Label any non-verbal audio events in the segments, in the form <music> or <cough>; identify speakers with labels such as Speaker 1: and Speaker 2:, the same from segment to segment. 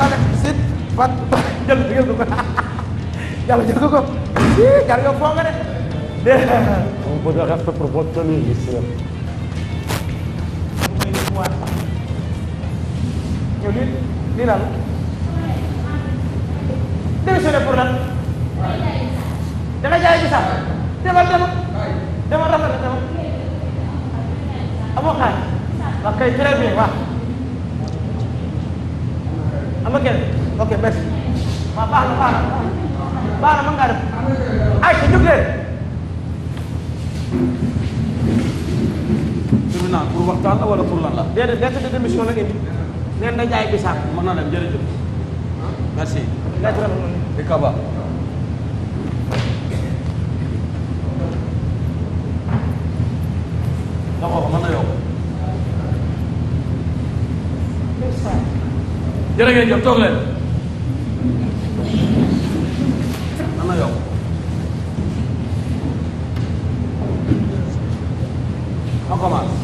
Speaker 1: balak sit pat jël jël ko yàlla jël ko ko ii gar nga foo nga de dé
Speaker 2: on peut dire reste pour votre tenue ici
Speaker 1: yow lii lii lan démissionné pour lan da nga jaay gi sax demal demal demal rafet demal amoo xaar waaw kay très bien waaw am na kenn ok merci waaw baax na baax na baax na mën ngaa def ay ca jóg leen tribunal pour waxtaan la wala pour lan la déedéet lettre de démission la indi neen da jaay bisaab mën naa dem jërëjëf merci lettre di kaba da ko mën na yokk jërë ngeen jëf toog leen ana yow on commence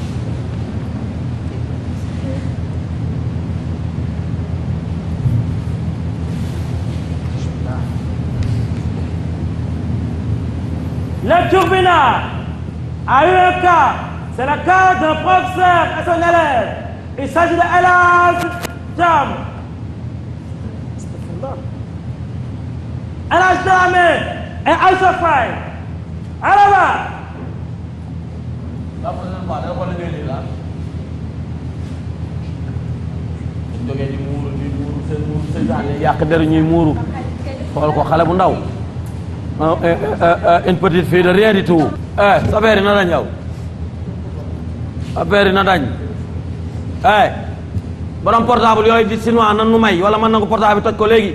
Speaker 1: Le turbinat a eu un cas, c'est le cas d'un professeur et son élève. Il s'agit de El Hadj Thiam. Alaaji Dramé et Aïssa Faye Araba. jógee der ñuy muuru xool ko xale bu ndaw ah, eh, eh, eh, une petite fille de rien du tout eh na dañ yow sa na dañ eh borom portable yooyu di chinois nan nu may wala man nangu portable toj ko léegi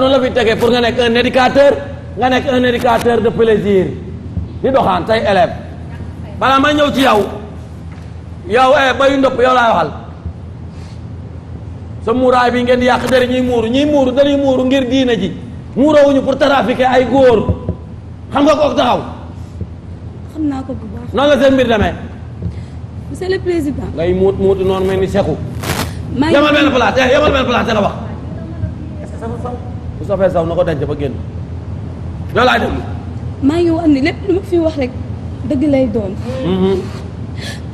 Speaker 1: danu la tegee pour nga nekk un éducateur nga nekk un éducateur de plaisir di doxaan say élève balaa may ñëw ci yow yow eh bayu ndëpp yow laay waxal sa muuraay bi ngeen di yàq dari ñuy muuru ñuy muuru dañuy muuru ngir diina ji muurawuñu pour trafiquer ay góor xam nga kook taxaw
Speaker 3: naa ko bu baax
Speaker 1: noonu la seen mbir demee
Speaker 3: monsieur le président
Speaker 1: ngay muut muutu noonu mel ni seku yamal benn place eh, yamal benn place te nga wax safee saw na ko denc ba génn loolu laay déglu.
Speaker 3: maa ngi wax ni lépp lu ma fi wax dëgg lay doon. Mhm.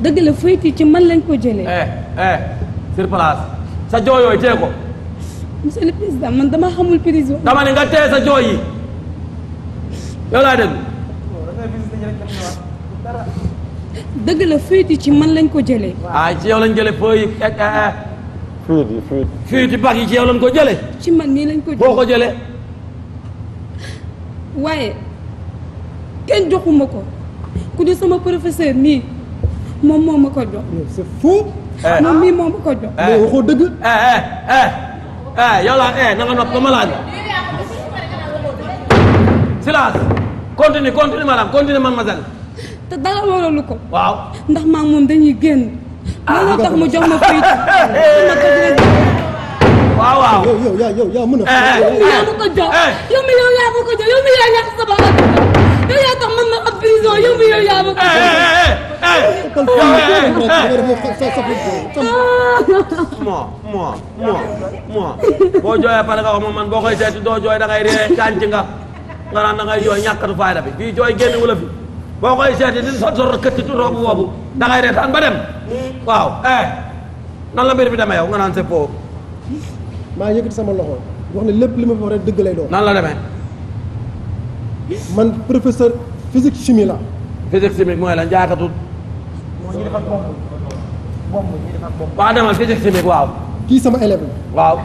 Speaker 3: dëgg la fayit ci man lañ ko jëlee.
Speaker 1: eh eh sur place sa joo yooyu tee ko.
Speaker 3: président man dama xamul prison. dama ne nga tee sa joo yi yow dëgg la fayit ci man lañ ko jëlee.
Speaker 1: waaw ci yow lañ jëlee feuille fluide yi fluide. fluide yi baax yi ci yow lañ ko jëlee.
Speaker 3: ci man mii lañ ko jëlee boo waaye kenn joxuma ko ku di sama professeur mii moom moo ma ko jox. Eh, moom ah. mii moo ma ko jox.
Speaker 1: Eh. mais waxoo dëgg. Eh, yow laa eh na nga nopp ma laaj. silence. continue continue madame continue mademoiselle.
Speaker 3: te dara waralu ko. ndax génn.
Speaker 4: Ah, looloo tax mu jox
Speaker 3: ma faytu.
Speaker 1: waaw waaw yow yow yaa yow yaa mën a. Eh, eh, eh. yow yaa ma ko jox
Speaker 4: yow mi yow yaa ma ko jox yow mi yaa ñàkk sama at. yow yaa tax man ma ab prison yow mi yow yaa ma ko
Speaker 1: jox. moo moo moo moo boo jooyee pare nga wax man boo koy seeti doo jooy da ngay ree kànc nga nga naan da ngay jooy ñàkkatu fayda bi fii jooy génn wala fi. boo koy seeti ni sot sot këtt ci roobu woobu da ba dem waaw eh nan la mbir bi demee yow nga naan c'est faux maa yëkkati sama loxo wax ne lépp li ma wax rek dëgg lay doon nan la demee man professeur physique chimie la physique chimique mooy la njaakatu mooy ñu waa demal physique chimique waaw kii sama élève la waaw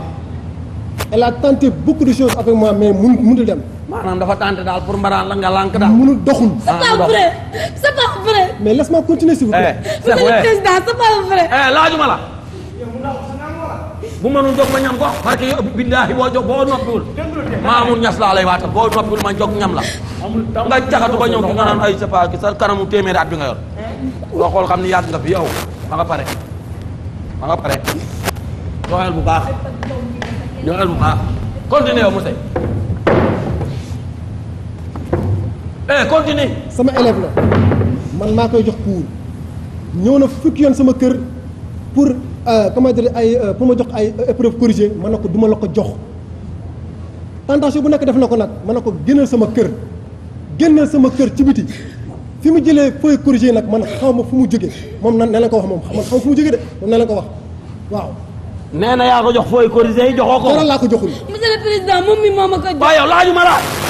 Speaker 1: elle a tenté de choses avec moi mais mun munul dem maanaam dafa tenté daal pour mbaraan la nga lànk daal. mënul doxul. Ah, c'est pas vrai c'est pas vrai. mais laisse-moi continuer s'il eh, eh, la. bu mënul jóg ma ñam
Speaker 2: nga jaxatu ba ñëw
Speaker 1: sa pa sa kanamu téeméeri at bi nga yor. boo eh? xool xam ni yàgg nga fi yow ma nga pare ma nga pare. joxeel bu baax joxeel bu baax continué yow monsieur. eh continue. sama élève la man maa koy jox cours ñëw na fukki yoon sama kër pour euh, comment dire ay euh, pour ma jox ay euh, épreuve corrigée ma na ko duma la ko jox tentation bu nekk def na ko nag ma ne ko génnal sama kër génnal sama kër ci biti fi mu jëlee fooy corrigé nag man xaw ma fu mu jóge moom nan ne ko wax moom man xaw ma fu mu jóge de moom ne la ko wax waaw. nee na yaa ko jox fooy corrigé yi joxoo ko. dara laa ko joxul. monsieur le président moom mi moo ma ko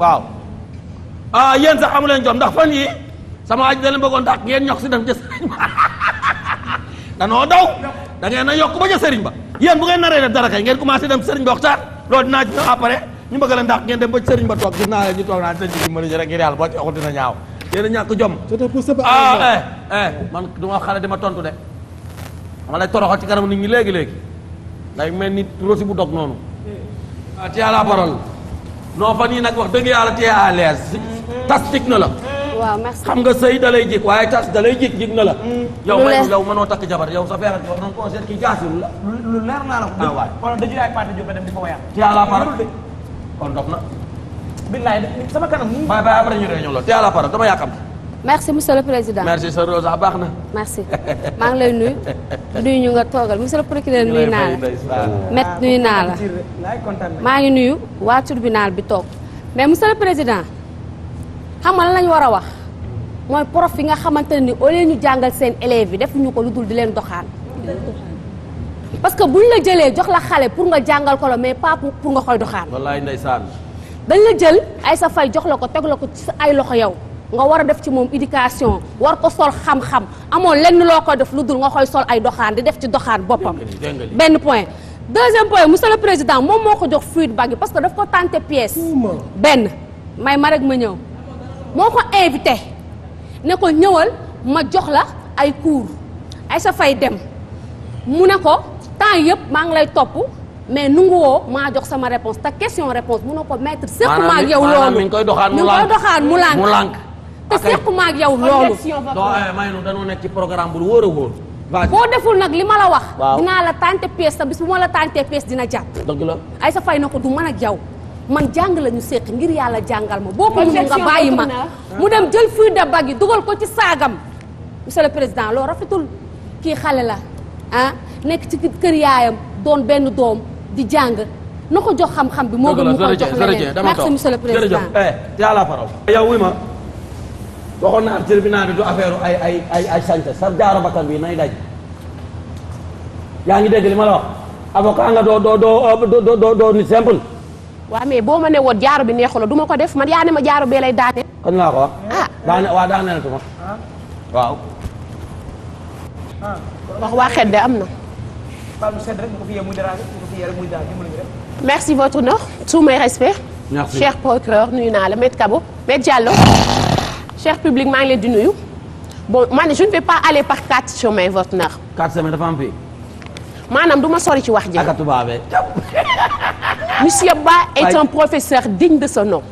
Speaker 1: waaw ah yéen sax amu leen jom ndax fan yi sama aj da leen bëggoon dàq ngeen ñox si dem ca sëriñ ba <laughs> danoo daw da ngeen na yokk ba ca sëriñ ba yéen bu ngeen naree def dara kay ngeen commencé dem sëriñ ba waxtaan loolu dinaa ci ñëw après ñu bëgg leen dàq ngeen dem ba sëriñ ba toog gis naa leen ñu toog naa sëriñ bi dimbali ñu rek ngir yàlla boo ci waxul a ah, eh, eh, man du ma xale dama tontu de dama lay ci kanam nit ñi léegi-léegi day mel ni rosi bu dog noonu eh. ah, ci à non fan yii nag wax dëgg yàlla tee à l'aise mhm. tas tig na la.
Speaker 4: waaw merci xam nga sëy
Speaker 1: da lay waaye tas da lay jig jig na la. Mhm. yow man yow mënoo takk jabar yow sa feeral wax nañ ko seet ki jaasi la. lu leer naa la ko. ah waay kon ko wayal. tee à la na. billaay sama kanam. waaye ba après ñu réunion la tee à la parole dama yàkkamti. merci monsieur le président merci sa Rosa ah, baax na. merci maa ngi lay nuyu.
Speaker 4: nuyu ñu nga toogal monsieur le procureur nuyu naa
Speaker 1: la. met
Speaker 4: nuyu naa la. maa ngi nuyu waa tribunal bi toog. mais monsieur le président xam nga lañu war a wax mooy prof yi nga xamante ni au lieu ñu jàngal seen élève yi defuñu ko lu dul di leen doxaan. parce que bu buñ la jëlee jox la xale pour nga jàngal ko la mais pas pour nga koy doxaan.
Speaker 1: wallaay ndeysaan.
Speaker 4: dañ la jël ay sa fay jox la ko teg la ko ci ay loxo yow. nga war a def ci moom éducation war ko sol xam-xam amoon lenn loo koy def lu dul nga koy sol ay doxaan di def ci doxaan boppam benn point deuxième point monsieur le président moom moo ko jox fuite bag yi parce que daf ko tenter pièce benn may ma rek ma ñëw moo ko invité ne ko ñëwal ma jox la ay cours ay sa fay dem mu ne ko temps yëpp maa ngi lay topp mais nungu woo maa jox sama réponse te question réponse mun na ko mettre. seulement ak yow loolu mi ngi koy doxaan mu lànk mu lànk te sequma ak yow loolu.
Speaker 1: Eh, may nu dañoo nekk ci programme bu wóor wóor. boo
Speaker 4: deful nag li ma la wax. dinaa la tànte pièce te bis bu ma la tàntee pièce dina jàpp. dëgg la Aïssa fay na ko du mën ak yow. man jàng la ñu seq ngir yàlla jàngal ma boo ko mënul nga bàyyi ma mu dem jël fuite de yi dugal ko ci saagam monsieur le président loolu rafetul kii xale la ah nekk ci kër yaayam doon benn doom di jàng na ko jox xam-xam bi moo gën mu ko le président jërëjëf
Speaker 1: eh la parole yow wuy ma waxoon naa tribunal bi du affaire ay ay ay ay sañte sa jaaro bakkan bi nay daj yaa ngi dégg li ma la wax nga doo doo doo doo nit simple.
Speaker 5: waaw mais boo ma ne woon jaaro bi neexu la du ko def man yaa ne ma jaaro bee lay daane.
Speaker 1: kañ laa ko wax. ah daane waaw na tuma ah. waaw.
Speaker 2: Ah. wax waa xedde am
Speaker 5: na. merci votre honneur tous mes respects. cher procureur nuyu naa la maître Kabo maître Diallo. cher public maa ngi leen di nuyu bon man je ne vais pas aller par quatre chemins votre nar. quatre chemins dafa am fii. maanaam du ma sori ci wax ji. Monsieur Ba est un professeur digne de son nom.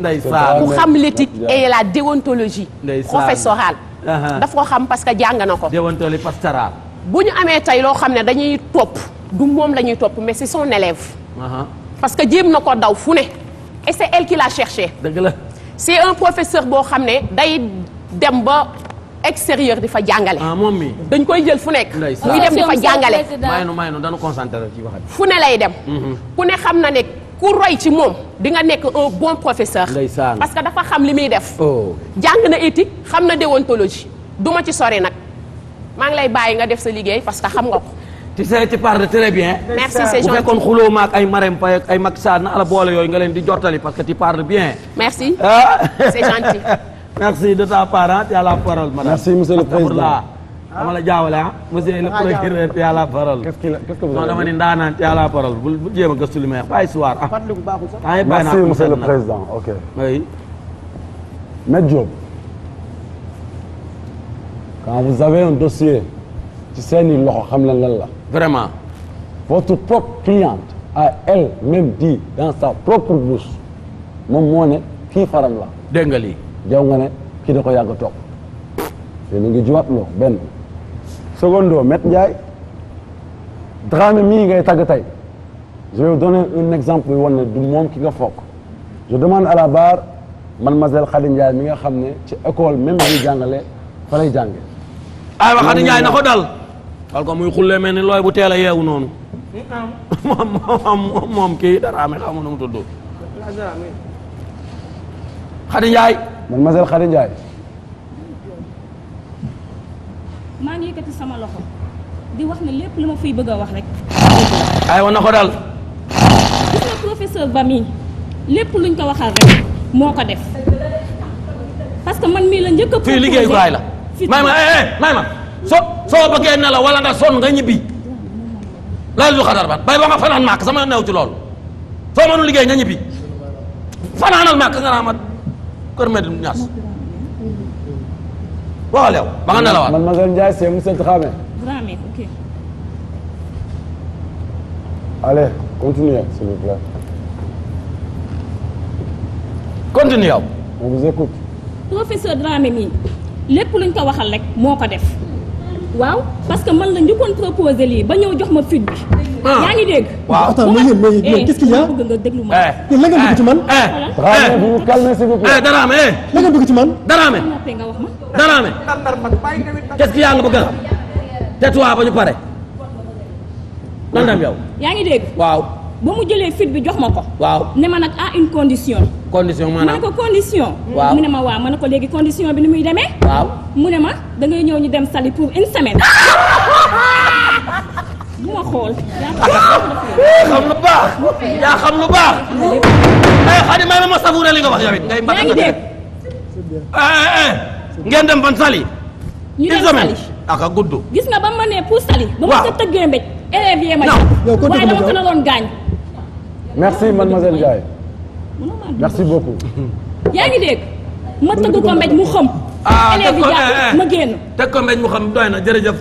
Speaker 5: ku xam l'éthique et la déontologie. professorale. Uh-huh. daf ko xam parce que jàng na ko. déontologie pastorale. bu ñu amee tey loo xam ne dañuy topp du moom la ñuy topp mais c'est son élève. Uh-huh. parce que jéem na ko daw fu ne. et c'est elle qui l'a cherché. dëgg la professeur boo xam ne day. dem ba extérieur di fa jàngale. Ah, moom mi dañ
Speaker 1: koy jël fu nekk. muy dem di fa jàngale. may nu may nu dañu concentré ci wax
Speaker 2: fu
Speaker 5: ne lay dem. Mhm. ku ne xam na ne ku roy ci moom di nga nekk un bon professeur.
Speaker 1: parce
Speaker 5: que dafa xam li muy def. Oh. jàng na éthique xam na déontologie du ma ci sori nag maa ngi lay bàyyi nga def sa liggéey parce que xam nga ko.
Speaker 1: <laughs> tu sais tu parles très bien. merci c'est gentil bu fekkoon xuloo maak ay yooyu nga leen di jottali parce que tu parles bien. <laughs> merci de ta part
Speaker 2: tu as la parole madame. merci monsieur le
Speaker 1: président dama la jaawale ah. monsieur le procureur tu as la parole. qu'est-ce que vous avez dama ni ndaanaan tu as la parole bul bu jéem a gëstu li may wax bàyyi soir ah. ah merci monsieur le président
Speaker 2: ok. oui. Maître Diop. quand vous avez un dossier ci seeni loxo xam na lan la. vraiment. votre propre cliente a elle-même dit dans sa propre bouche moom moo ne kii faram la. dégg nga lii. jaw nga ne kii da ko yàgg a toog yéen a ngi jiwaat loo benn secondo Maître Ndiaye Dramé mii ngay tagg tey je vais un exemple yu wan du moom ki nga foog je demande à la barre mademoiselle Khady Ndiaye mi nga xam ne ci école même bi jàngale fa lay jànge
Speaker 1: ay wa Khady Ndiaye na ko dal wal muy xullee mel looy bu teel a yeewu noonu <laughs> moom moom moom kii xamu nu mu tudd
Speaker 2: Khady Ndiaye mademoiselle Khady Ndiaye.
Speaker 3: maa ngi yëkkati sama loxo di wax ne lépp lu ma fiy bëgg a wax rek. ay wan na ko daal. gis nga professeur Ba mii lépp luñ ko waxal rek moo ko def parce que man mii la njëkk a. fii liggéey ko ay la.
Speaker 1: may ma eh, eh, may ma soo bëggee ne la wala nga sonn nga ñibbi. laaj lu xadar ban bay ba nga fanaan màkk sama new ci lool soo mënul liggéey nga ñibbi fanaanal màkk nga naa ma. kër Medina Ñaas
Speaker 2: waxal yow ba nga nelawaat man Maguette Ndiaye c'est monsieur Dramé. Dramé ok. allez continuez s'il vous plaît. continue yow. on vous écoute.
Speaker 3: professeur Dramé mii lépp luñ ko waxal rek moo ko def waaw parce que man la njëkkoon proposé lii ba ñëw jox ma fuite bi. Ah. yaa ngi dégg.
Speaker 2: waaw attends eh, nga déglu ma. Eh. la
Speaker 1: nga
Speaker 3: bëgg ci man.
Speaker 2: voilà bu
Speaker 1: daraame la nga bëgg ci man. daraame daraame. quest a nga bëgg a. tais ñu pare. nan dam yow. yaa ngi dégg. waaw.
Speaker 3: ba mu jëlee fit bi jox ma ko. waaw ne ma nag à ah, une condition.
Speaker 1: condition maanaam ma ko
Speaker 3: condition. waaw mu ne ma waaw ma ne ko léegi condition bi ni muy demee. waaw mu ne ma da ngay ñëw ñu dem sali pour une semaine. <laughs> du ma xool.
Speaker 1: xam lu baax. yaa xam lu baax. eh Xadi may ma ma savouré li nga wax yow ngay mbàkk dëgg dem ban Saly. ñu
Speaker 2: dem Saly aka gudd.
Speaker 3: gis nga ba ma nee pour Saly. ba ma ko tëggee mbéj. élèves yee ma jox waaye dama ko doon gaañ.
Speaker 2: merci mademoiselle Ndiaye. merci beaucoup.
Speaker 3: yaa ngi dégg ma tëgg ko mbéj mu xam. ah eh, eh. ma
Speaker 2: génn teg
Speaker 1: ko mbeñ mu xam doy na jërëjëf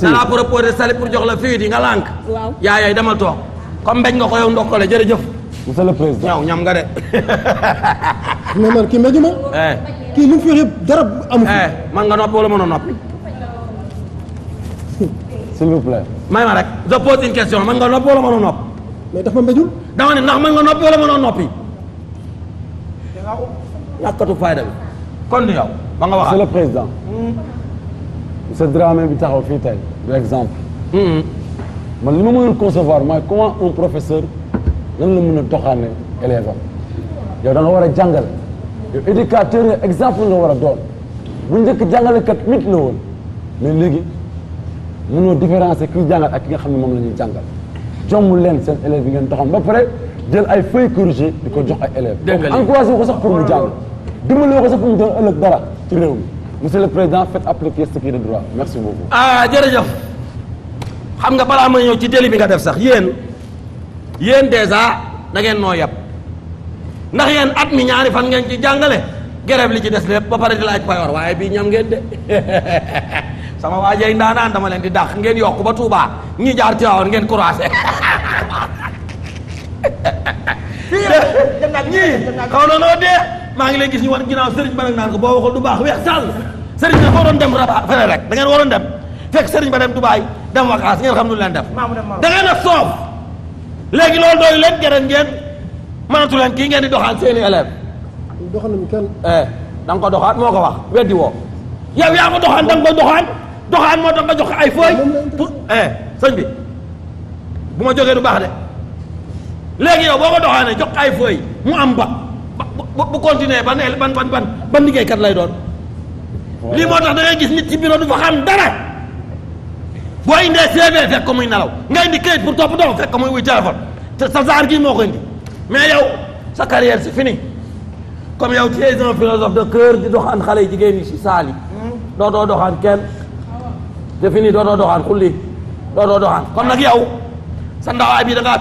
Speaker 1: danaa proposé sali pour jox la fii yi nga lank waaw yaayay dama toog comme mbeñ nga ko yow ndokkale jërëjëf monsieur le président ñaw ñam nga de <laughs> mais man kii mbéju ma eh. kii lu mu fi la dara amu fi man nga noppi wala mënoo noppi
Speaker 2: <laughs> s'il vous plaît
Speaker 1: may ma rek je pose une question man nga noppi wala mënoo noppi dafa mbéjul dama ne ndax man nga noppi wala mënoo noppi
Speaker 2: ñàkkatu fayda bi kon du yow ba nga président. Hmm. monsieur Dramé bi taxaw fii tey par exemple. Hmm. man li ma mënul concevoir mooy comment un professeur lan la mën a doxaane élève am yow da nga war a jàngal yow éducateur nga exemple nga war a doon bu njëkk jàngalekat mit la woon mais léegi mënoo différencier kiy jàngal ak ki nga xam ne moom la ñuy jàngal jommul leen seen élève yi ngeen doxam ba pare jël ay feuilles corrigées di ko jox ay élève élèves. dégg encouragé ko sax pour mu jàng dimbali ko sax pour mu doon ëllëg dara. ci réew mi le président faites appliquer ce qui est de droit merci beaucoup.
Speaker 1: ah jërëjëf xam nga balaa ma ñëw ci délit bi nga def sax yéen yéen dèjà da ngeen noo yab ndax yéen at mi ñaari fan ngeen ci jàngale grève li ci des lépp ba pare di laaj payoor waaye bii ñam ngeen de <laughs> sama waa jeey naan dama leen di dàq ngeen yokku ba Touba ñi jaar Tiwaawan ngeen croisé. <laughs> ñii xaw na noo maa ngi lay gis ñu war ginaaw sëriñ ba nag naan ko boo waxul du baax weex sàll sëriñ nag dem raba fene da ngeen waroon dem fekk sëriñ ba dem Dubaay dem vacances ngeen xam nu leen def da ngeen a soof léegi loolu dooyu leen geneen ngeen mënatu leen kii ngeen di doxaan seeni élève doxanam kenn eh, da nga ko doxaan moo ko wax weddi woo
Speaker 2: yow yaa ko doxaan da nga ko doxaan
Speaker 1: doxaan moo tax nga jox ay fooy pour eh, sëñ bi bu ma léegi yow boo ko jox ay fooy mu am ba bu bu continuer ban ban ban ban ban liggéeykat lay doon. lii moo tax da ngay gis nit ci bureau du fa xam dara. boo indee CV fekk ko muy nelaw nga indi këyit pour toppatoo fekk muy wuy téléphone sa saar gi moo ko indi mais yow sa carrière c'est fini comme yow tu es un philosophe de cœur di doxaan xale yi jigéen si saal hmm. doo doo doxaan kenn te fini doo doo doxaan xulli doo doo doxaan nag yow sa ndawaay bi da ngaa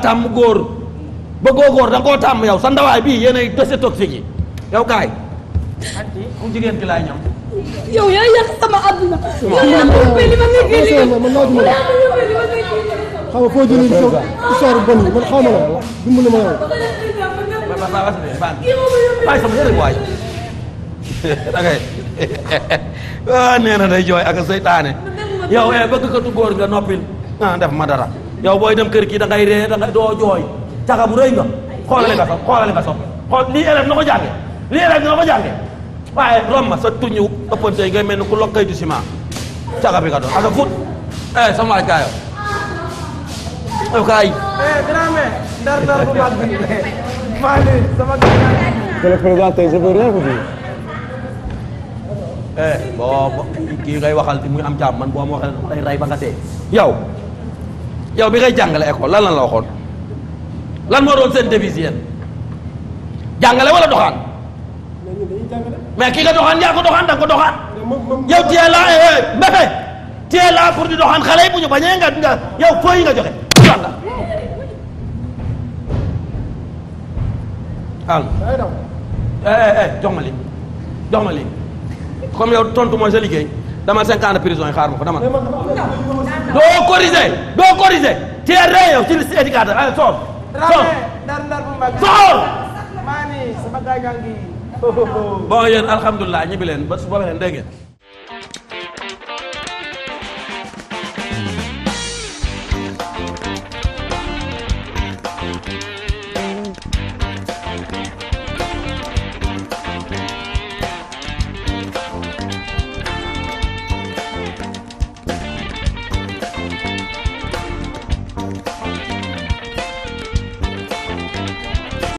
Speaker 1: bëggoo góor da nga koo tàmm yow sa ndawaay bii yéenay déchets toxiques yi yow kaay. ku jigéen ki laay ñam.
Speaker 3: yow yaa yàq sama àdduna. ma yi
Speaker 1: man nee na day jooy ak yow eh bëgg katu góor nga ah, ma dara yow booy dem kër kii dangay ree dangay doo jooy. caga bu rëy nga xoolal nga sopp xoolal nga sopp xool lii élève na ko jànge lii élève na ko jànge waaye romma sa tuñu ëppante yi ngay mel ni ku lokkay du ciment caga bi nga doon asa fut eh sama waay kaayo yow kaay grand eh, mère ndar ndar bu mag maa ngi sama
Speaker 2: le présenté
Speaker 1: eh, boo kii ngay waxal di muy am jàmm man boo ma waxee lay ray ba nga dee yow yow bi ngay jàngale école lan lan la waxoon lan moo doon seen devise yéen jàngale wala doxaan.
Speaker 2: mais ki nga doxaan yaa ko doxaan da nga ko doxaan.
Speaker 1: yow tiyee laa eh, eh, mbéfe tiyee laa pour di doxaan xale yi bu ñu bañee nga nga yow nga joxe walla al eh, jox ma lii jox ma lii comme yow tontu mooy sa liggéey dama cinq ans de yi xaar ma fa dama doo corriger doo corriger tiyee ree yow ci éducateur ay soos so soxor maa ni sama gaañaa ngi. bon yéen alhamdulilah ñibbi leen ba su